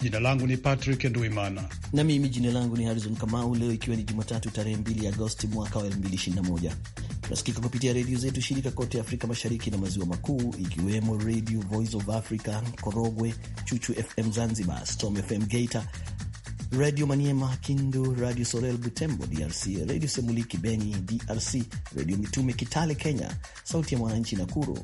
Jina langu ni Patrick Nduimana. Na mimi jina langu ni Harrison Kamau. Leo ikiwa ni Jumatatu tarehe 2 Agosti mwaka wa 2021, tunasikika kupitia redio zetu shirika kote Afrika Mashariki na Maziwa Makuu, ikiwemo Radio Voice of Africa Korogwe, Chuchu FM Zanzibar, Storm FM Geita, Radio Maniema Kindu, Radio Sorel Butembo DRC, Radio Semuliki Beni DRC, Radio Mitume Kitale Kenya, Sauti ya Mwananchi Nakuru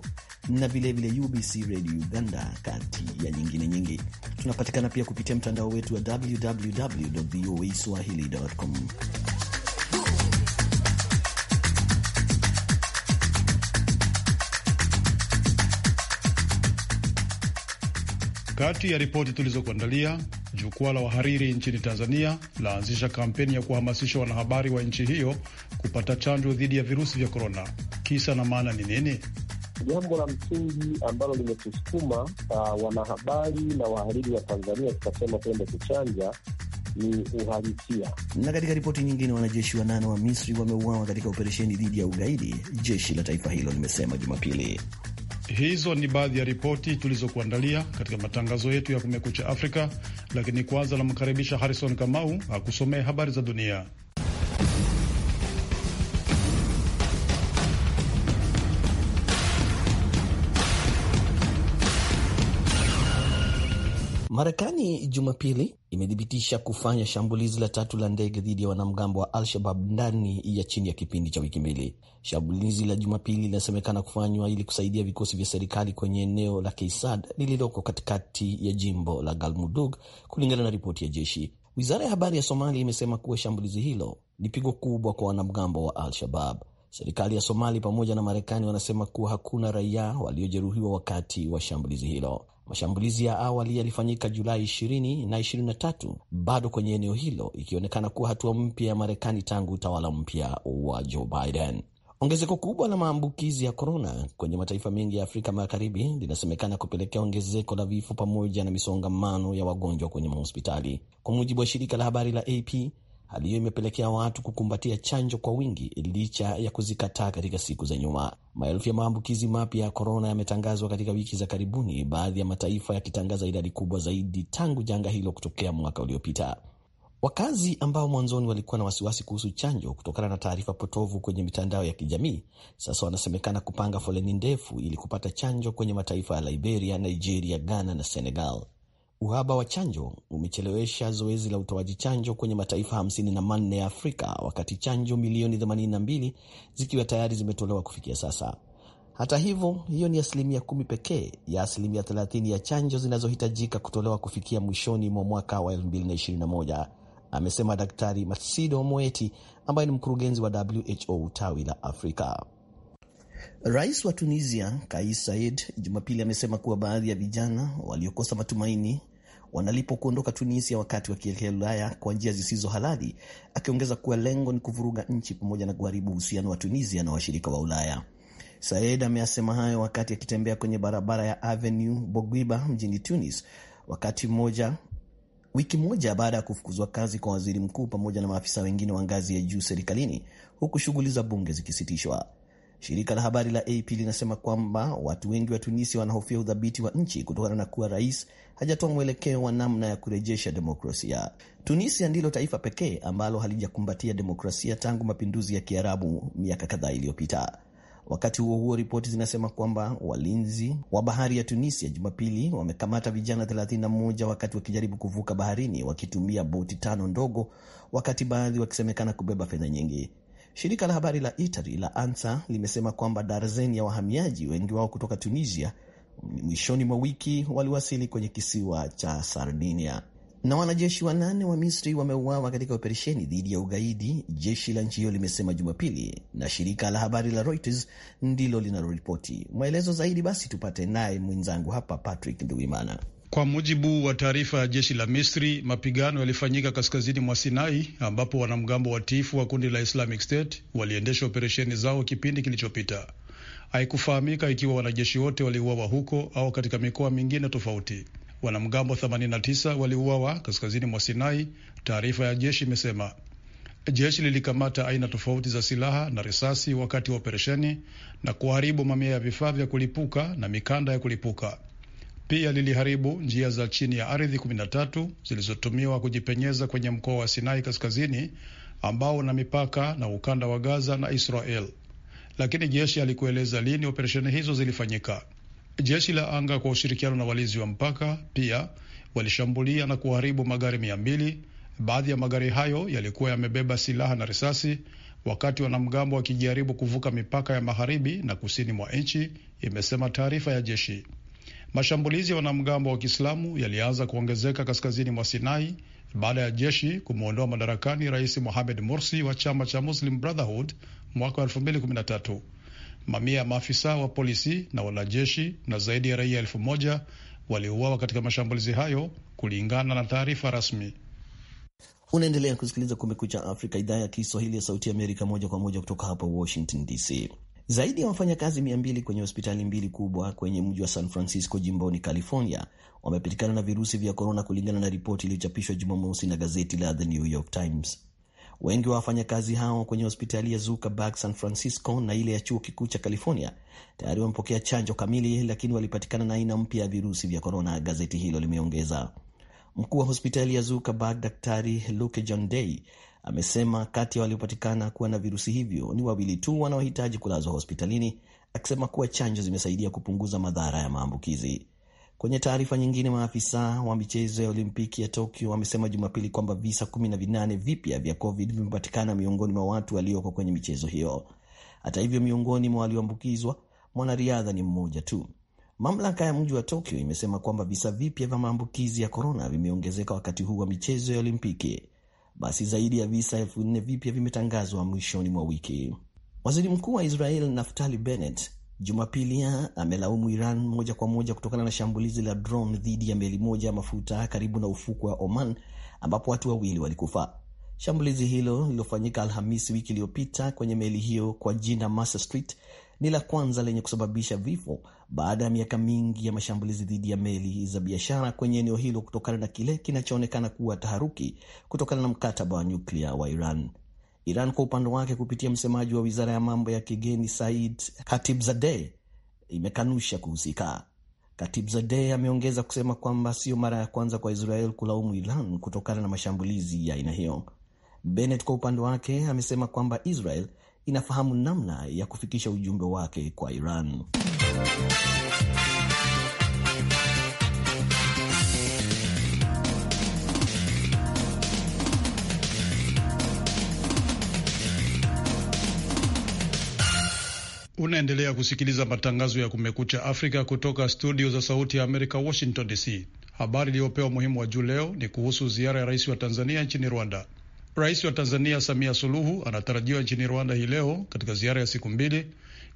na vilevile UBC Radio Uganda, kati ya nyingine nyingi. Tunapatikana pia kupitia mtandao wetu wa www voa swahili.com. Kati ya ripoti tulizokuandalia, jukwaa la wahariri nchini Tanzania laanzisha kampeni ya kuhamasisha wanahabari wa nchi hiyo kupata chanjo dhidi ya virusi vya korona. Kisa na maana ni nini? Jambo la msingi ambalo limetusukuma uh, wanahabari na wahariri wa Tanzania tukasema tuende kuchanja ni uhalisia. Na katika ripoti nyingine, wanajeshi wanane wa Misri wameuawa katika operesheni dhidi ya ugaidi, jeshi la taifa hilo limesema Jumapili. Hizo ni baadhi ya ripoti tulizokuandalia katika matangazo yetu ya Kumekucha Afrika, lakini kwanza namkaribisha Harrison Kamau akusomee habari za dunia. Marekani Jumapili imethibitisha kufanya shambulizi la tatu la ndege dhidi ya wanamgambo wa Al-Shabab ndani ya chini ya kipindi cha wiki mbili. Shambulizi la Jumapili linasemekana kufanywa ili kusaidia vikosi vya serikali kwenye eneo la Keisad lililoko katikati ya jimbo la Galmudug, kulingana na ripoti ya jeshi. Wizara ya habari ya Somalia imesema kuwa shambulizi hilo ni pigo kubwa kwa wanamgambo wa Al-Shabab. Serikali ya Somali pamoja na Marekani wanasema kuwa hakuna raia waliojeruhiwa wakati wa shambulizi hilo. Mashambulizi ya awali yalifanyika Julai 20 na 23, bado kwenye eneo hilo, ikionekana kuwa hatua mpya ya Marekani tangu utawala mpya wa Joe Biden. Ongezeko kubwa la maambukizi ya korona kwenye mataifa mengi ya Afrika Magharibi linasemekana kupelekea ongezeko la vifo pamoja na misongamano ya wagonjwa kwenye mahospitali. Kwa mujibu wa shirika la habari la AP, Hali hiyo imepelekea watu kukumbatia chanjo kwa wingi licha ya kuzikataa katika siku za nyuma. Maelfu ya maambukizi mapya ya korona yametangazwa katika wiki za karibuni, baadhi ya mataifa yakitangaza idadi kubwa zaidi tangu janga hilo kutokea mwaka uliopita. Wakazi ambao mwanzoni walikuwa na wasiwasi kuhusu chanjo kutokana na taarifa potovu kwenye mitandao ya kijamii sasa wanasemekana kupanga foleni ndefu ili kupata chanjo kwenye mataifa ya Liberia, Nigeria, Ghana na Senegal. Uhaba wa chanjo umechelewesha zoezi la utoaji chanjo kwenye mataifa 54 ya Afrika wakati chanjo milioni 82 zikiwa tayari zimetolewa kufikia sasa. Hata hivyo, hiyo ni asilimia kumi pekee ya asilimia 30 ya chanjo zinazohitajika kutolewa kufikia mwishoni mwa mwaka wa 2021, amesema Daktari Matsido Moeti ambaye ni mkurugenzi wa WHO tawi la Afrika. Rais wa Tunisia Kais Jumapili amesema kuwa baadhi ya vijana waliokosa matumaini wanalipwa kuondoka Tunisia wakati wakielekea Ulaya kwa njia zisizo halali, akiongeza kuwa lengo ni kuvuruga nchi pamoja na kuharibu uhusiano wa Tunisia na washirika wa Ulaya. Said ameyasema hayo wakati akitembea kwenye barabara ya Avenue Bourguiba mjini Tunis, wakati mmoja wiki moja baada ya kufukuzwa kazi kwa waziri mkuu pamoja na maafisa wengine wa ngazi ya juu serikalini, huku shughuli za bunge zikisitishwa. Shirika la habari la AP linasema kwamba watu wengi wa Tunisia wanahofia udhabiti wa nchi kutokana na kuwa rais hajatoa mwelekeo wa namna ya kurejesha demokrasia. Tunisia ndilo taifa pekee ambalo halijakumbatia demokrasia tangu mapinduzi ya Kiarabu miaka kadhaa iliyopita. Wakati huo huo, ripoti zinasema kwamba walinzi wa bahari ya Tunisia Jumapili wamekamata vijana 31 wakati wakijaribu kuvuka baharini wakitumia boti tano ndogo, wakati baadhi wakisemekana kubeba fedha nyingi. Shirika la habari la Italy la ANSA limesema kwamba darzeni ya wahamiaji, wengi wao kutoka Tunisia, mwishoni mwa wiki waliwasili kwenye kisiwa cha Sardinia. Na wanajeshi wanane wa Misri wameuawa katika operesheni dhidi ya ugaidi, jeshi la nchi hiyo limesema Jumapili, na shirika la habari la Reuters ndilo linaloripoti. Maelezo zaidi basi tupate naye mwenzangu hapa Patrick nduimana kwa mujibu wa taarifa ya jeshi la Misri, mapigano yalifanyika kaskazini mwa Sinai ambapo wanamgambo watiifu wa kundi la Islamic State waliendesha operesheni zao kipindi kilichopita. Haikufahamika ikiwa wanajeshi wote waliuawa huko au katika mikoa mingine tofauti. Wanamgambo 89 waliuawa kaskazini mwa Sinai, taarifa ya jeshi imesema. Jeshi lilikamata aina tofauti za silaha na risasi wakati wa operesheni na kuharibu mamia ya vifaa vya kulipuka na mikanda ya kulipuka. Pia liliharibu njia za chini ya ardhi 13 zilizotumiwa kujipenyeza kwenye mkoa wa Sinai kaskazini ambao una mipaka na ukanda wa Gaza na Israel, lakini jeshi alikueleza lini operesheni hizo zilifanyika. Jeshi la anga kwa ushirikiano na walinzi wa mpaka pia walishambulia na kuharibu magari mia mbili. Baadhi ya magari hayo yalikuwa yamebeba silaha na risasi, wakati wanamgambo wakijaribu kuvuka mipaka ya magharibi na kusini mwa nchi, imesema taarifa ya jeshi. Mashambulizi ya wanamgambo wa Kiislamu yalianza kuongezeka kaskazini mwa Sinai baada ya jeshi kumwondoa madarakani Rais Mohamed Morsi wa chama cha Muslim Brotherhood mwaka wa 2013. Mamia ya maafisa wa polisi na wanajeshi na zaidi ya raia elfu moja waliuawa katika mashambulizi hayo kulingana na taarifa rasmi. Unaendelea kusikiliza Kumekucha Afrika, idhaa ya Kiswahili ya Sauti ya Amerika, moja kwa moja kutoka hapa Washington DC. Zaidi ya wafanyakazi mia mbili kwenye hospitali mbili kubwa kwenye mji wa San Francisco jimboni California wamepatikana na virusi vya korona, kulingana na ripoti iliyochapishwa Jumamosi na gazeti la The New York Times. Wengi wa wafanyakazi hao kwenye hospitali ya Zuckerberg San Francisco na ile ya chuo kikuu cha California tayari wamepokea chanjo kamili, lakini walipatikana na aina mpya ya virusi vya korona, gazeti hilo limeongeza. Mkuu wa hospitali ya Zuckerberg Daktari Luke John Day Amesema kati ya waliopatikana kuwa na virusi hivyo ni wawili tu wanaohitaji kulazwa hospitalini, akisema kuwa chanjo zimesaidia kupunguza madhara ya maambukizi. Kwenye taarifa nyingine, maafisa wa michezo ya Olimpiki ya Tokyo wamesema Jumapili kwamba visa 18 vipya vya COVID vimepatikana miongoni mwa watu walioko kwenye michezo hiyo. Hata hivyo, miongoni mwa walioambukizwa mwanariadha ni mmoja tu. Mamlaka ya mji wa Tokyo imesema kwamba visa vipya vya maambukizi ya korona vimeongezeka wakati huu wa michezo ya Olimpiki basi zaidi ya visa elfu nne vipya vimetangazwa mwishoni mwa wiki. Waziri mkuu wa Israel Naftali Bennett Jumapili amelaumu Iran moja kwa moja kutokana na shambulizi la drone dhidi ya meli moja ya mafuta karibu na ufukwe wa Oman ambapo watu wawili walikufa. Shambulizi hilo lililofanyika Alhamisi wiki iliyopita kwenye meli hiyo kwa jina Mercer Street ni la kwanza lenye kusababisha vifo baada ya miaka mingi ya mashambulizi dhidi ya meli za biashara kwenye eneo hilo kutokana na kile kinachoonekana kuwa taharuki kutokana na mkataba wa nyuklia wa Iran. Iran kwa upande wake, kupitia msemaji wa wizara ya mambo ya kigeni Said Khatibzadeh, imekanusha kuhusika. Khatibzadeh ameongeza kusema kwamba sio mara ya kwanza kwa Israel kulaumu Iran kutokana na mashambulizi ya aina hiyo. Bennett kwa upande wake amesema kwamba Israel inafahamu namna ya kufikisha ujumbe wake kwa Iran. Unaendelea kusikiliza matangazo ya Kumekucha Afrika kutoka studio za Sauti ya Amerika, Washington DC. Habari iliyopewa umuhimu wa juu leo ni kuhusu ziara ya rais wa Tanzania nchini Rwanda. Rais wa Tanzania Samia Suluhu anatarajiwa nchini Rwanda hii leo katika ziara ya siku mbili.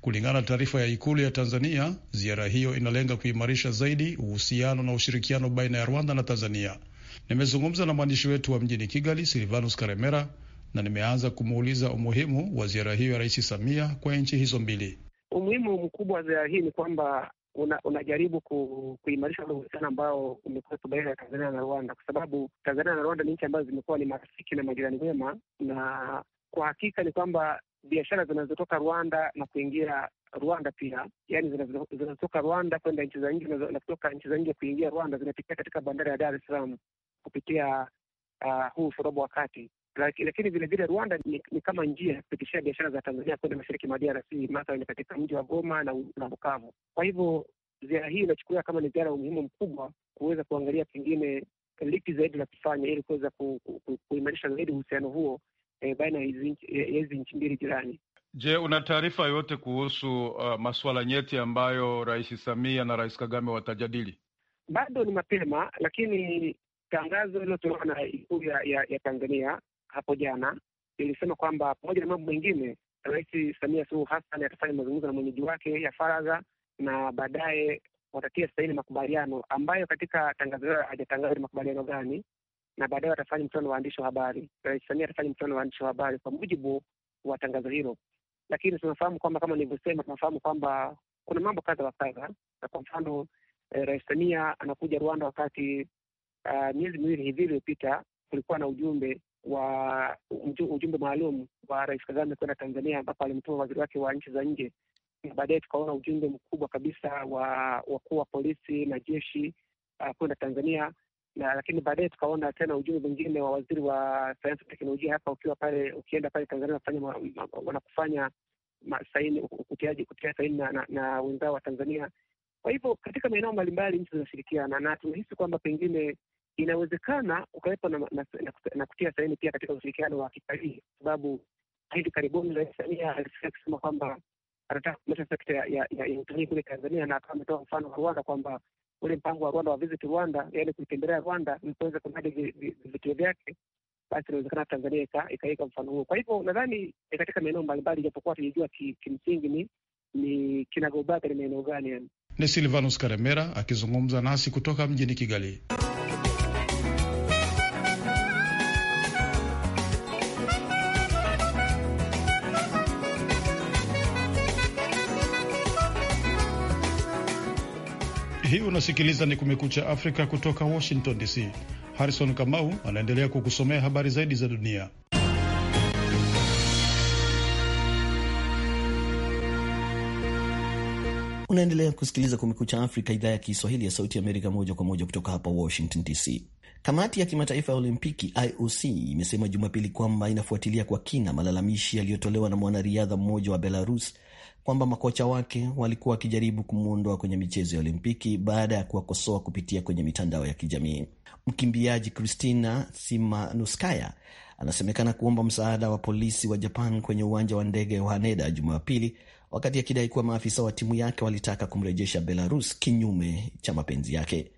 Kulingana na taarifa ya Ikulu ya Tanzania, ziara hiyo inalenga kuimarisha zaidi uhusiano na ushirikiano baina ya Rwanda na Tanzania. Nimezungumza na mwandishi wetu wa mjini Kigali, Silvanus Karemera, na nimeanza kumuuliza umuhimu wa ziara hiyo ya Rais Samia kwa nchi hizo mbili. Umuhimu mkubwa wa ziara hii ni kwamba una, unajaribu ku, kuimarisha ule uhusiano ambao umekuwepo baina ya Tanzania na Rwanda, kwa sababu Tanzania na Rwanda ni nchi ambazo zimekuwa ni marafiki na majirani wema, na kwa hakika ni kwamba biashara zinazotoka Rwanda na kuingia Rwanda pia yani, zinazotoka Rwanda kwenda nchi za nje na kutoka nchi za nje kuingia Rwanda zinapitia katika bandari ya Dar es Salaam kupitia uh, huu ushoroba wa kati Laki, lakini vilevile Rwanda ni, ni kama njia ya kupitishia biashara za Tanzania kwenda mashariki mwa DRC mathalani katika mji wa Goma na, na Bukavu. Kwa hivyo ziara hii inachukuliwa kama ni ziara ya umuhimu mkubwa kuweza kuangalia pengine lipi zaidi la kufanya ili kuweza kuimarisha ku, ku, zaidi uhusiano huo eh, baina ya hizi nchi mbili jirani. Je, una taarifa yoyote kuhusu uh, masuala nyeti ambayo Rais Samia na Rais Kagame watajadili? Bado ni mapema, lakini tangazo iliyotolewa na Ikulu ya, ya, ya Tanzania hapo jana ilisema kwamba pamoja na mambo mengine, Rais Samia Suluhu Hassan atafanya mazungumzo na mwenyeji wake ya faragha na baadaye watatia saini makubaliano ambayo katika tangazo hilo hajatangaza ni makubaliano gani, na baadaye watafanya mkutano wa waandishi wa habari. Rais Samia atafanya mkutano wa waandishi wa habari kwa mujibu wa tangazo hilo, lakini tunafahamu kwamba kama nilivyosema, tunafahamu kwamba kuna mambo kadha wa kadha, na kwa mfano eh, Rais Samia anakuja Rwanda wakati uh, miezi miwili hivi iliyopita kulikuwa na ujumbe wa ujumbe maalum wa Rais Kagame kwenda Tanzania, ambapo alimtuma waziri wake wa nchi za nje. Baadaye tukaona ujumbe mkubwa kabisa wa wakuu wa polisi na jeshi uh, kwenda Tanzania na lakini baadaye tukaona tena ujumbe mwingine wa waziri wa sayansi na teknolojia hapa ukiwa pale, ukienda pale Tanzania wanakufanya saini kutiaji kutia saini na, na, na wenzao wa Tanzania. Kwa hivyo katika maeneo mbalimbali nchi zinashirikiana, na tunahisi kwamba pengine inawezekana kukawepo na, na, na, na kutia saini pia katika ushirikiano wa kitalii, kwa sababu hivi karibuni Rais Samia alisikia kusema kwamba anataka kuleta sekta ya, ya, ya, ya utalii kule Tanzania, na akawa ametoa mfano wa Rwanda kwamba ule mpango wa Rwanda wa Visit Rwanda, yaani kuitembelea Rwanda ilipoweza kunadi vivutio vyake, basi inawezekana Tanzania ikaweka mfano huo. Kwa hivyo nadhani katika maeneo mbalimbali, japokuwa tujajua kimsingi ni ni kinagobaga ni maeneo gani. Yani ni Silvanus Karemera akizungumza nasi kutoka mjini Kigali. Hii unasikiliza ni Kumekucha Afrika kutoka Washington DC. Harrison Kamau anaendelea kukusomea habari zaidi za dunia. Unaendelea kusikiliza Kumekucha Afrika, idhaa ya Kiswahili ya Sauti Amerika, moja kwa moja kutoka hapa Washington DC. Kamati ya kimataifa ya Olimpiki IOC imesema Jumapili kwamba inafuatilia kwa kina malalamishi yaliyotolewa na mwanariadha mmoja wa Belarus kwamba makocha wake walikuwa wakijaribu kumwondoa kwenye michezo ya Olimpiki baada ya kuwakosoa kupitia kwenye mitandao ya kijamii. Mkimbiaji Kristina Simanuskaya anasemekana kuomba msaada wa polisi wa Japan kwenye uwanja wa ndege wa Haneda Jumapili, wakati akidai kuwa maafisa wa timu yake walitaka kumrejesha Belarus kinyume cha mapenzi yake.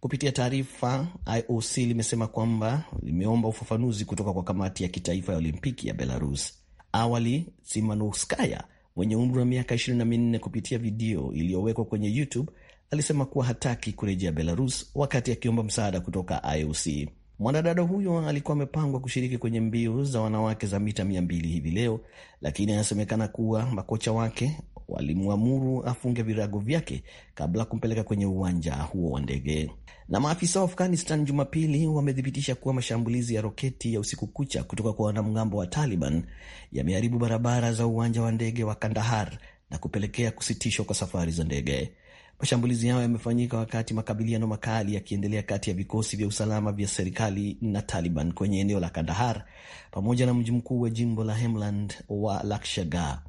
Kupitia taarifa, IOC limesema kwamba limeomba ufafanuzi kutoka kwa kamati ya kitaifa ya Olimpiki ya Belarus. Awali Simanuskaya mwenye umri wa miaka 24 kupitia video iliyowekwa kwenye YouTube alisema kuwa hataki kurejea Belarus wakati akiomba msaada kutoka IOC. Mwanadada huyo alikuwa amepangwa kushiriki kwenye mbio za wanawake za mita 200 hivi leo, lakini anasemekana kuwa makocha wake walimwamuru afunge virago vyake kabla kumpeleka kwenye uwanja huo wa ndege. Na maafisa wa Afghanistan Jumapili wamethibitisha kuwa mashambulizi ya roketi ya usiku kucha kutoka kwa wanamgambo wa Taliban yameharibu barabara za uwanja wa ndege wa Kandahar na kupelekea kusitishwa kwa safari za ndege. Mashambulizi hayo yamefanyika wakati makabiliano makali yakiendelea kati ya vikosi vya usalama vya serikali na Taliban kwenye eneo la Kandahar pamoja na mji mkuu wa jimbo la Hemland wa Lakshgar.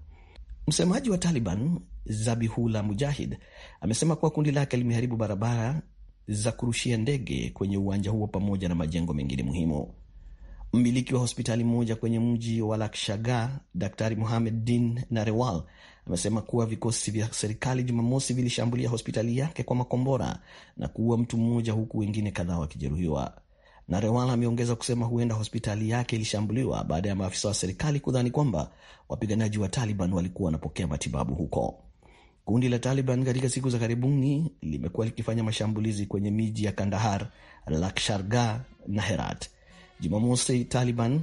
Msemaji wa Taliban Zabihullah Mujahid amesema kuwa kundi lake limeharibu barabara za kurushia ndege kwenye uwanja huo pamoja na majengo mengine muhimu. Mmiliki wa hospitali moja kwenye mji wa Lakshaga, Daktari muhamed Din Narewal amesema kuwa vikosi vya serikali Jumamosi vilishambulia hospitali yake kwa makombora na kuua mtu mmoja huku wengine kadhaa wakijeruhiwa na Rewala ameongeza kusema huenda hospitali yake ilishambuliwa baada ya maafisa wa serikali kudhani kwamba wapiganaji wa Taliban walikuwa wanapokea matibabu huko. Kundi la Taliban katika siku za karibuni limekuwa likifanya mashambulizi kwenye miji ya Kandahar, Lakshargah na Herat. Jumamosi, Taliban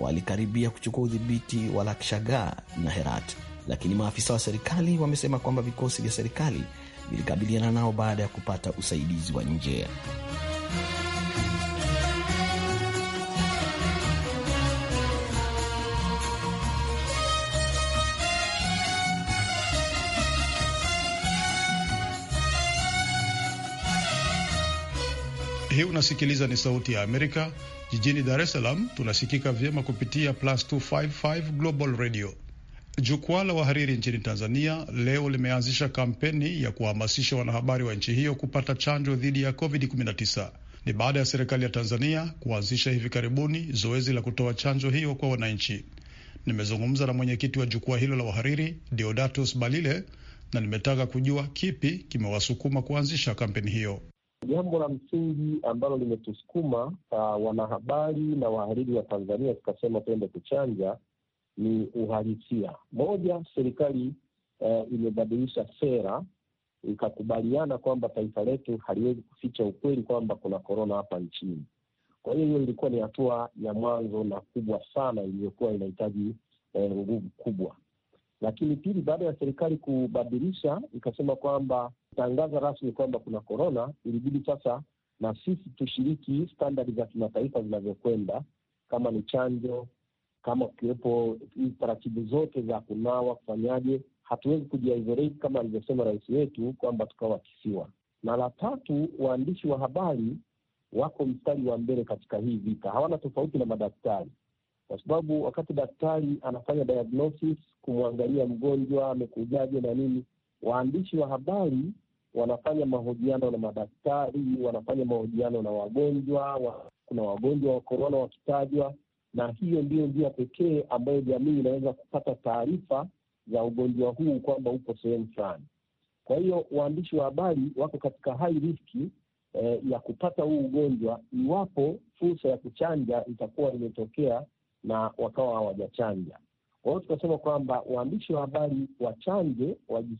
walikaribia kuchukua udhibiti wa Lakshargah na Herat, lakini maafisa wa serikali wamesema kwamba vikosi vya serikali vilikabiliana nao baada ya kupata usaidizi wa nje. hii unasikiliza ni Sauti ya Amerika jijini Dar es Salaam. Tunasikika vyema kupitia Plus 255 Global Radio. Jukwaa la wahariri nchini Tanzania leo limeanzisha kampeni ya kuhamasisha wanahabari wa nchi hiyo kupata chanjo dhidi ya COVID-19. Ni baada ya serikali ya Tanzania kuanzisha hivi karibuni zoezi la kutoa chanjo hiyo kwa wananchi. Nimezungumza na mwenyekiti wa jukwaa hilo la wahariri Deodatus Balile na nimetaka kujua kipi kimewasukuma kuanzisha kampeni hiyo. Jambo la msingi ambalo limetusukuma uh, wanahabari na wahariri wa Tanzania tukasema twende kuchanja ni uhalisia. Moja, serikali uh, imebadilisha sera ikakubaliana kwamba taifa letu haliwezi kuficha ukweli kwamba kuna korona hapa nchini. Kwa hiyo hiyo ilikuwa ni hatua ya mwanzo na kubwa sana iliyokuwa inahitaji uh, nguvu eh, kubwa. Lakini pili, baada ya serikali kubadilisha, ikasema kwamba tangaza rasmi kwamba kuna korona, ilibidi sasa na sisi tushiriki standard za kimataifa zinavyokwenda, kama ni chanjo, kama kukiwepo taratibu zote za kunawa, kufanyaje. Hatuwezi kujiisolate kama alivyosema rais wetu kwamba tukawa kisiwa. Na la tatu, waandishi wa habari wako mstari wa mbele katika hii vita, hawana tofauti na madaktari, kwa sababu wakati daktari anafanya diagnosis, kumwangalia mgonjwa amekujaje na nini, waandishi wa habari wanafanya mahojiano na madaktari, wanafanya mahojiano na wagonjwa wa, kuna wagonjwa wa korona wakitajwa, na hiyo ndiyo njia pekee ambayo jamii inaweza kupata taarifa za ugonjwa huu kwamba upo sehemu fulani. Kwa hiyo waandishi wa habari wako katika high riski eh, ya kupata huu ugonjwa iwapo fursa ya kuchanja itakuwa imetokea na wakawa hawajachanja. Kwa hiyo tukasema kwamba waandishi wa habari wachanje,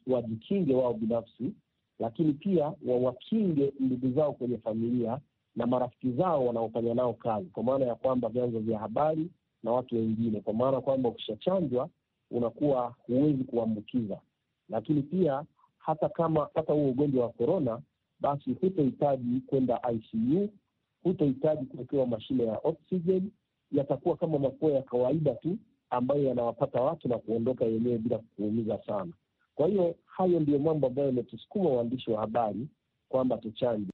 wajikinge wao binafsi lakini pia wawakinge ndugu zao kwenye familia na marafiki zao wanaofanya nao kazi, kwa maana ya kwamba vyanzo vya habari na watu wengine, kwa maana kwamba ukishachanjwa unakuwa huwezi kuambukiza. Lakini pia hata kama hata huo ugonjwa wa korona, basi hutohitaji kwenda ICU, hutohitaji kuwekewa mashine ya oxygen, yatakuwa kama mafua ya kawaida tu ambayo yanawapata watu na kuondoka yenyewe bila kukuumiza sana. Kwa hiyo hayo ndiyo mambo ambayo yametusukuma waandishi wa habari kwamba tuchanje.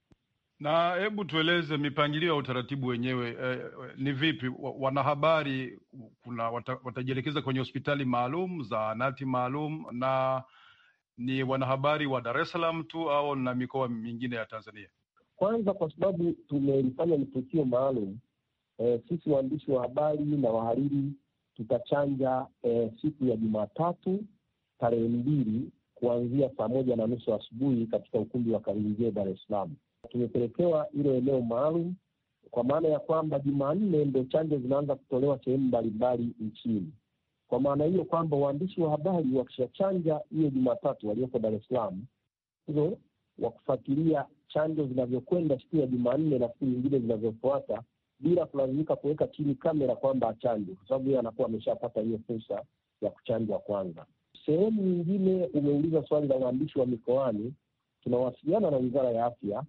Na hebu tueleze mipangilio ya utaratibu wenyewe eh, eh ni vipi wanahabari kuna wata, watajielekeza kwenye hospitali maalum, zahanati maalum, na ni wanahabari wa Dar es Salaam tu au na mikoa mingine ya Tanzania? Kwanza kwa sababu tumelifanya ni tukio maalum eh, sisi waandishi wa habari na wahariri tutachanja eh, siku ya Jumatatu tarehe mbili kuanzia saa moja na nusu asubuhi katika ukumbi wa Karinjie, Dar es Salaam. Tumepelekewa hilo eneo maalum kwa maana ya kwamba Jumanne ndo chanjo zinaanza kutolewa sehemu mbalimbali nchini. Kwa maana hiyo kwamba waandishi wa habari wakishachanja hiyo Jumatatu walioko Dar es Salaam hizo wa kufuatilia chanjo zinavyokwenda siku ya Jumanne na siku nyingine zinavyofuata, bila kulazimika kuweka chini kamera kwamba achanjwe, kwa sababu yeye anakuwa ameshapata hiyo fursa ya kuchanjwa kwanza. Sehemu nyingine umeuliza swali la waandishi wa mikoani. Tunawasiliana na Wizara ya Afya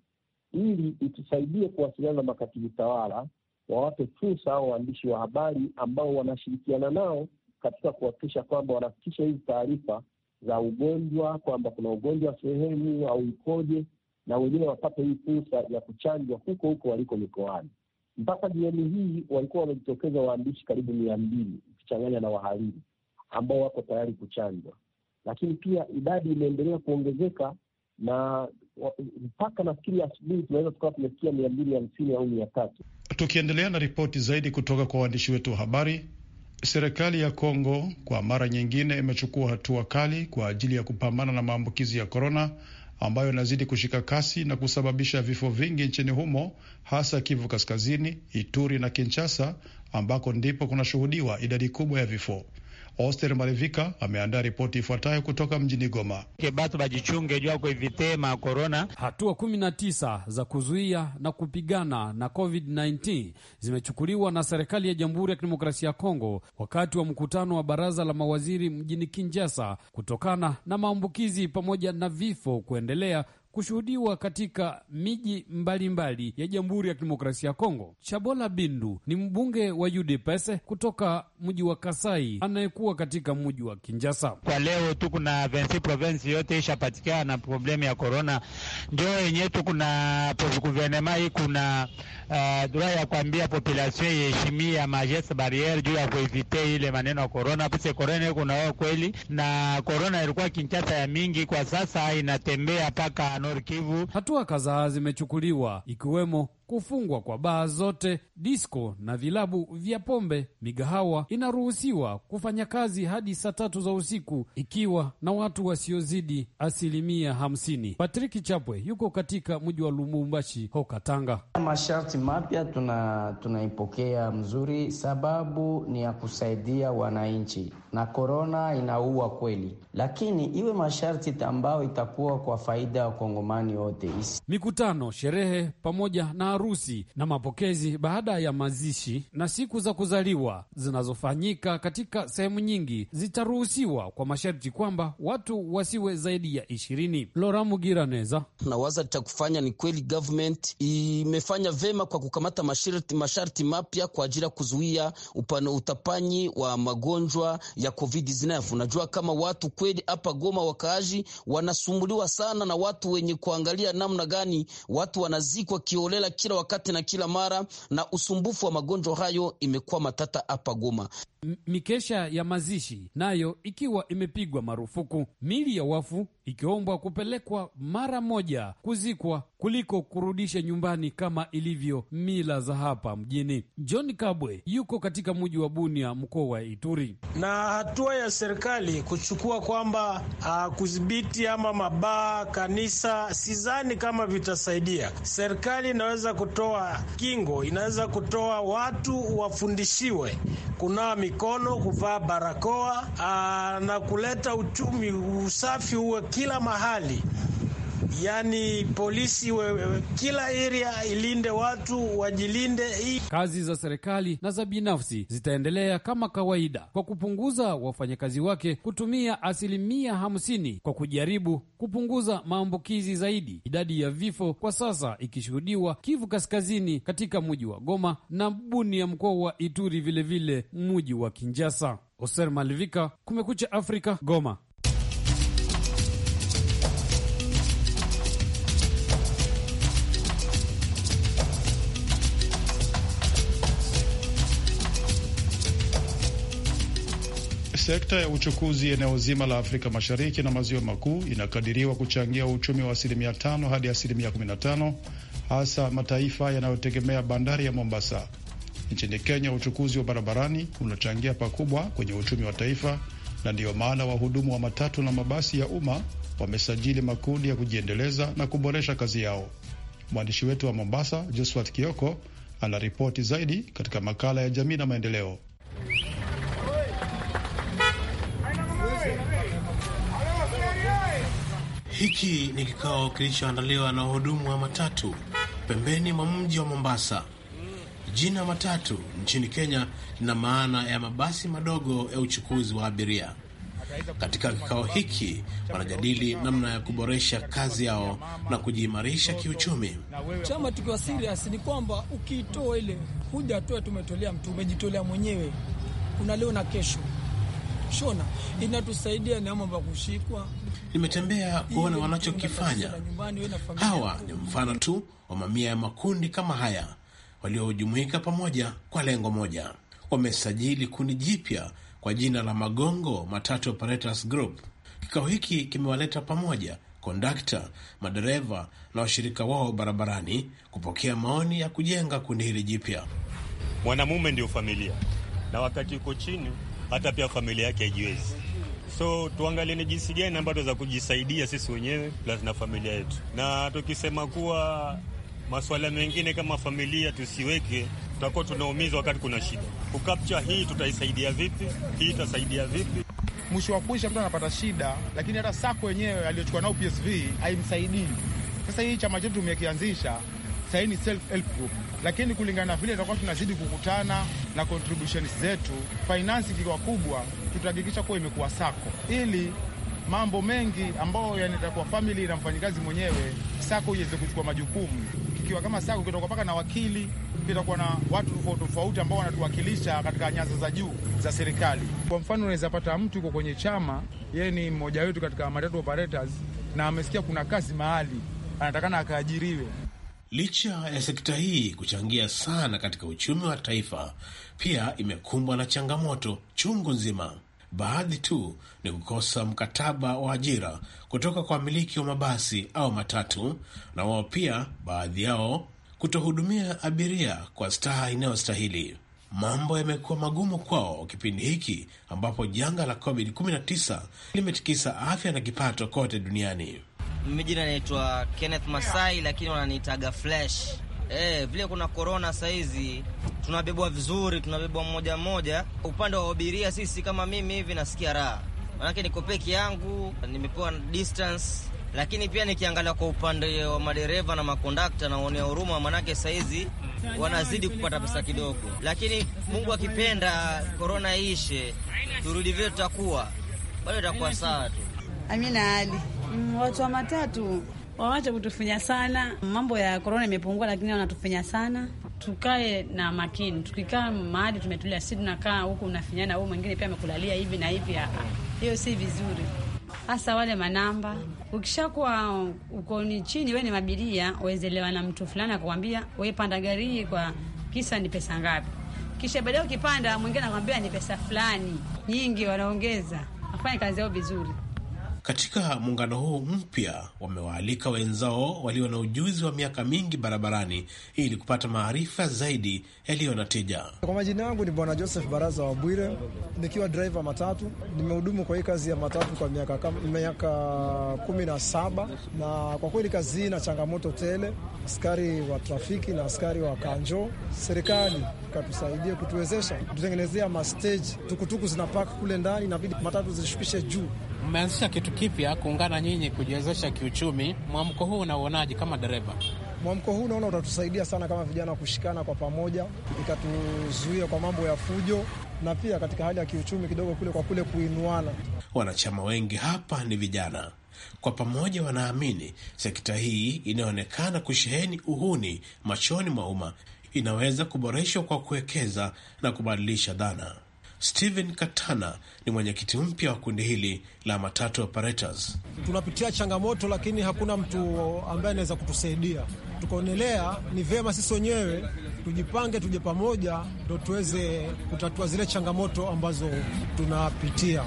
ili itusaidie kuwasiliana na makatibu tawala, wawape fursa hao waandishi wa habari ambao wanashirikiana nao katika kuhakikisha kwamba wanafikisha hizi taarifa za ugonjwa, kwamba kuna ugonjwa sehemu au ikoje, na wenyewe wapate hii fursa ya kuchanjwa huko huko waliko mikoani. Mpaka jioni hii walikuwa wamejitokeza waandishi karibu mia mbili ukichanganya na wahariri ambao wako tayari kuchanjwa, lakini pia idadi imeendelea kuongezeka na mpaka nafikiri asubuhi tunaweza tukawa tumefikia mia mbili hamsini au mia tatu. Tukiendelea na ripoti zaidi kutoka kwa waandishi wetu wa habari, serikali ya Kongo kwa mara nyingine imechukua hatua kali kwa ajili ya kupambana na maambukizi ya korona ambayo inazidi kushika kasi na kusababisha vifo vingi nchini humo, hasa Kivu Kaskazini, Ituri na Kinshasa, ambako ndipo kunashuhudiwa idadi kubwa ya vifo. Oster malevika ameandaa ripoti ifuatayo kutoka mjini Goma. Batu bajichunge jua kwa vitema korona. Hatua 19 za kuzuia na kupigana na COVID-19 zimechukuliwa na serikali ya Jamhuri ya Kidemokrasia ya Kongo wakati wa mkutano wa baraza la mawaziri mjini Kinjasa kutokana na maambukizi pamoja na vifo kuendelea kushuhudiwa katika miji mbalimbali ya Jamhuri ya Kidemokrasia ya Kongo. Chabola Bindu ni mbunge wa UDPS kutoka mji wa Kasai anayekuwa katika mji wa Kinjasa. Kwa leo tu kuna vensi provensi yote ishapatikana na problemu ya korona, ndio yenyewe tu kuna guvernema hii kuna uh, dura ya kuambia population iheshimia majeste barriere juu ya kuevite ile maneno ya korona, puse korona kuna nao kweli, na korona ilikuwa Kinshasa ya mingi, kwa sasa inatembea mpaka Nord Kivu. Hatua kadhaa zimechukuliwa ikiwemo kufungwa kwa baa zote, disko na vilabu vya pombe. Migahawa inaruhusiwa kufanya kazi hadi saa tatu za usiku ikiwa na watu wasiozidi asilimia hamsini. Patrick Chapwe yuko katika mji wa Lumumbashi hoka Katanga. Masharti mapya tuna tunaipokea mzuri, sababu ni ya kusaidia wananchi, na korona inaua kweli lakini iwe masharti ambayo itakuwa kwa faida ya wakongomani wote. Mikutano, sherehe pamoja na harusi na mapokezi baada ya mazishi na siku za kuzaliwa zinazofanyika katika sehemu nyingi zitaruhusiwa kwa masharti kwamba watu wasiwe zaidi ya ishirini. Lora Mugiraneza na waza kufanya ni kweli, government imefanya vema kwa kukamata masharti, masharti mapya kwa ajili ya kuzuia upano utapanyi wa magonjwa ya covid-19. Unajua kama watu kwe kweli hapa Goma wakaaji wanasumbuliwa sana na watu wenye kuangalia namna gani watu wanazikwa kiolela kila wakati na kila mara, na usumbufu wa magonjwa hayo imekuwa matata hapa Goma. M mikesha ya mazishi nayo ikiwa imepigwa marufuku, mili ya wafu ikiombwa kupelekwa mara moja kuzikwa kuliko kurudisha nyumbani kama ilivyo mila za hapa mjini. John Kabwe yuko katika mji wa Bunia, mkoa wa Ituri, na hatua ya serikali kuchukua kwamba ah, kudhibiti ama mabaa, kanisa, sidhani kama vitasaidia. Serikali inaweza kutoa kingo, inaweza kutoa watu wafundishiwe kunawa mikono, kuvaa barakoa ah, na kuleta uchumi, usafi uwe kila mahali, Yani polisi we, kila area ilinde watu wajilinde. Kazi za serikali na za binafsi zitaendelea kama kawaida kwa kupunguza wafanyakazi wake kutumia asilimia hamsini kwa kujaribu kupunguza maambukizi zaidi, idadi ya vifo kwa sasa ikishuhudiwa Kivu Kaskazini katika muji wa Goma na buni ya mkoa wa Ituri, vilevile muji wa kinjasa Oser Malivika, Kumekucha Afrika, Goma. Sekta ya uchukuzi eneo zima la Afrika Mashariki na Maziwa Makuu inakadiriwa kuchangia uchumi wa asilimia 5 hadi asilimia 15 hasa mataifa yanayotegemea bandari ya Mombasa. Nchini Kenya, uchukuzi wa barabarani unachangia pakubwa kwenye uchumi wa taifa, na ndiyo maana wahudumu wa matatu na mabasi ya umma wamesajili makundi ya kujiendeleza na kuboresha kazi yao. Mwandishi wetu wa Mombasa, Josphat Kioko, anaripoti zaidi katika makala ya jamii na maendeleo. Hiki ni kikao kilichoandaliwa na wahudumu wa matatu pembeni mwa mji wa Mombasa. Jina matatu nchini Kenya lina maana ya mabasi madogo ya uchukuzi wa abiria. Katika kikao hiki wanajadili namna ya kuboresha kazi yao na kujiimarisha kiuchumi. Chama tukiwa serious ni kwamba ukiitoa ile huja toa tumetolea mtu, umejitolea mwenyewe, kuna leo na kesho. Shona inatusaidia ni ya kushikwa nimetembea kuona wanachokifanya. Hawa ni mfano tu wa mamia ya makundi kama haya waliojumuika pamoja kwa lengo moja. Wamesajili kundi jipya kwa jina la Magongo Matatu Operators Group. Kikao hiki kimewaleta pamoja kondakta, madereva na washirika wao barabarani kupokea maoni ya kujenga kundi hili jipya. Mwanamume ndio familia, na wakati uko chini, hata pia familia yake haijiwezi So tuangalie ni jinsi gani ambayo tunaweza kujisaidia sisi wenyewe plus na familia yetu, na tukisema kuwa masuala mengine kama familia tusiweke, tutakuwa tunaumiza wakati kuna shida. Kukapcha hii tutaisaidia vipi? Hii itasaidia vipi? Mwisho wa kuisha mtu anapata shida, lakini hata sako yenyewe aliyochukua nao PSV haimsaidii. Sasa hii chama chetu tumekianzisha sahii ni self help group, lakini kulingana na vile tutakuwa tunazidi kukutana na contributions zetu, finance ikiwa kubwa, tutahakikisha kuwa imekuwa sako, ili mambo mengi ambayo kwa famili na mfanyikazi mwenyewe, sako iweze kuchukua majukumu. Kikiwa kama sako, kitakuwa mpaka na wakili, kitakuwa na watu tofauti tofauti ambao wanatuwakilisha katika nyanza za juu za serikali. Kwa mfano, unaweza pata mtu uko kwenye chama, yeye ni mmoja wetu katika matatu operators, na amesikia kuna kazi mahali anatakana akaajiriwe Licha ya sekta hii kuchangia sana katika uchumi wa taifa, pia imekumbwa na changamoto chungu nzima. Baadhi tu ni kukosa mkataba wa ajira kutoka kwa wamiliki wa mabasi au matatu, na wao pia baadhi yao kutohudumia abiria kwa staha inayostahili. Mambo yamekuwa magumu kwao kipindi hiki ambapo janga la COVID-19 limetikisa afya na kipato kote duniani. Mimi jina naitwa Kenneth Masai, lakini wananiitaga Flash. Eh, vile kuna corona sahizi tunabebwa vizuri, tunabebwa mmoja mmoja. Upande wa abiria sisi kama mimi hivi nasikia raha, manake niko peke yangu, nimepewa distance lakini pia nikiangalia kwa upande wa madereva na makondakta naonea huruma, manake sahizi wanazidi kupata pesa kidogo. Lakini Mungu akipenda korona iishe, turudi vile, tutakuwa bado itakuwa sawa tu. Amina Ali. Mm, watu wa matatu wawache kutufinya sana. Mambo ya korona imepungua, lakini wanatufinya sana. Tukae na makini, tukikaa mahali tumetulia, si tunakaa huku unafinyana, huu mwingine pia amekulalia hivi na hivi. Ah, ah. Hiyo si vizuri, hasa wale manamba. Ukishakuwa uko ni chini, we ni mabiria, uwezelewa na mtu fulani akwambia we panda gari hii kwa kisa ni pesa ngapi, kisha baadaye ukipanda mwingine anakwambia ni pesa fulani nyingi, wanaongeza. Afanye kazi yao vizuri. Katika muungano huu mpya wamewaalika wenzao walio na ujuzi wa miaka mingi barabarani ili kupata maarifa zaidi yaliyo na tija. Kwa majina yangu ni Bwana Joseph Baraza wa Bwire, nikiwa driver matatu. Nimehudumu kwa hii kazi ya matatu kwa miaka, miaka kumi na saba na kwa kweli kazi hii na changamoto tele, askari wa trafiki na askari wa kanjo. Serikali katusaidie kutuwezesha, tutengenezea masteji, tukutuku zinapak kule ndani, inabidi matatu zishukishe juu mmeanzisha kitu kipya kuungana nyinyi kujiwezesha kiuchumi. Mwamko huu unauonaje kama dereva? Mwamko huu unaona utatusaidia sana kama vijana kushikana kwa pamoja, ikatuzuia kwa mambo ya fujo na pia katika hali ya kiuchumi kidogo kule kwa kule kuinuana. Wanachama wengi hapa ni vijana, kwa pamoja wanaamini sekta hii inayoonekana kusheheni uhuni machoni mwa umma inaweza kuboreshwa kwa kuwekeza na kubadilisha dhana. Steven Katana ni mwenyekiti mpya wa kundi hili la matatu operators. Tunapitia changamoto, lakini hakuna mtu ambaye anaweza kutusaidia. Tukaonelea ni vyema sisi wenyewe tujipange, tuje pamoja, ndo tuweze kutatua zile changamoto ambazo tunapitia,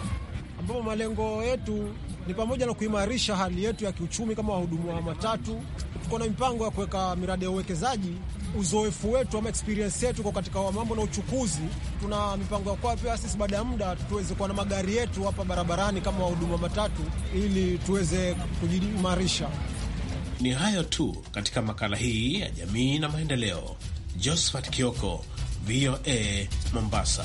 ambapo malengo yetu ni pamoja na kuimarisha hali yetu ya kiuchumi kama wahudumu wa matatu. Tuko na mipango ya kuweka miradi ya uwekezaji uzoefu wetu ama experience yetu kwa katika mambo na uchukuzi. Tuna mipango ya kuwa pia sisi baada ya muda tuweze kuwa na magari yetu hapa barabarani kama wahuduma matatu, ili tuweze kujimarisha. Ni hayo tu katika makala hii ya jamii na maendeleo. Josephat Kioko, VOA Mombasa.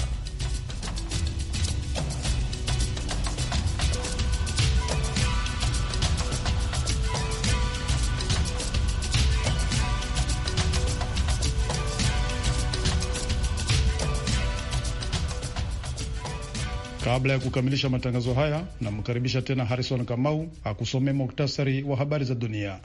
Kabla ya kukamilisha matangazo haya, namkaribisha tena Harrison Kamau akusomea muktasari wa habari za dunia.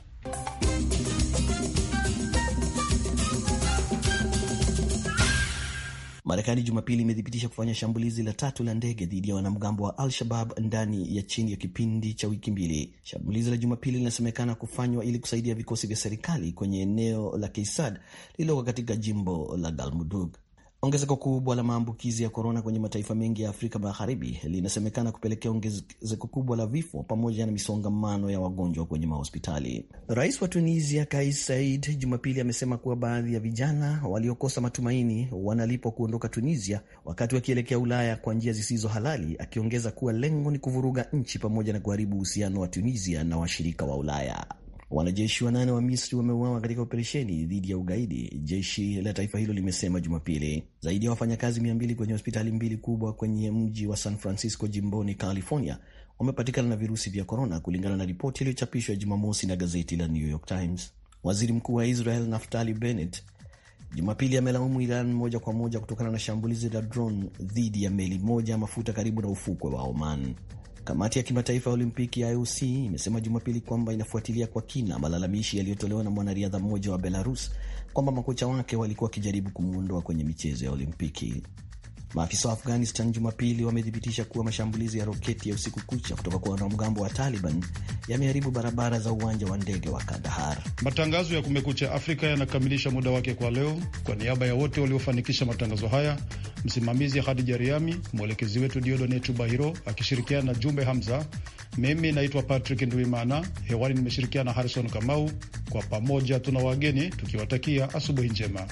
Marekani Jumapili imethibitisha kufanya shambulizi la tatu la ndege dhidi ya wanamgambo wa Al-Shabab ndani ya chini ya kipindi cha wiki mbili. Shambulizi la Jumapili linasemekana kufanywa ili kusaidia vikosi vya serikali kwenye eneo la Keisad lililoko katika jimbo la Galmudug. Ongezeko kubwa la maambukizi ya korona kwenye mataifa mengi ya Afrika Magharibi linasemekana kupelekea ongezeko kubwa la vifo pamoja na misongamano ya wagonjwa kwenye mahospitali. Rais wa Tunisia Kais said Jumapili amesema kuwa baadhi ya vijana waliokosa matumaini wanalipwa kuondoka Tunisia wakati wakielekea Ulaya kwa njia zisizo halali, akiongeza kuwa lengo ni kuvuruga nchi pamoja na kuharibu uhusiano wa Tunisia na washirika wa Ulaya. Wanajeshi wanane wa Misri wameuawa katika operesheni dhidi ya ugaidi, jeshi la taifa hilo limesema Jumapili. Zaidi ya wafanyakazi mia mbili kwenye hospitali mbili kubwa kwenye mji wa San Francisco jimboni California wamepatikana na virusi vya korona, kulingana na ripoti iliyochapishwa Jumamosi na gazeti la New York Times. Waziri mkuu wa Israel Naftali Bennett Jumapili amelaumu Iran moja kwa moja kutokana na shambulizi la drone dhidi ya meli moja ya mafuta karibu na ufukwe wa Oman. Kamati ya kimataifa ya Olimpiki ya IOC imesema Jumapili kwamba inafuatilia kwa kina malalamishi yaliyotolewa na mwanariadha mmoja wa Belarus kwamba makocha wake walikuwa wakijaribu kumwondoa kwenye michezo ya Olimpiki. Maafisa wa Afghanistan Jumapili wamethibitisha kuwa mashambulizi ya roketi ya usiku kucha kutoka kwa wanamgambo wa Taliban yameharibu barabara za uwanja wa ndege wa Kandahar. Matangazo ya Kumekucha Afrika yanakamilisha muda wake kwa leo. Kwa niaba ya wote waliofanikisha matangazo haya, msimamizi Hadija Riami, mwelekezi wetu Diodone Tubahiro akishirikiana na Jumbe Hamza, mimi naitwa Patrick nduimana hewani nimeshirikiana na Harrison Kamau. Kwa pamoja tuna wageni tukiwatakia asubuhi njema.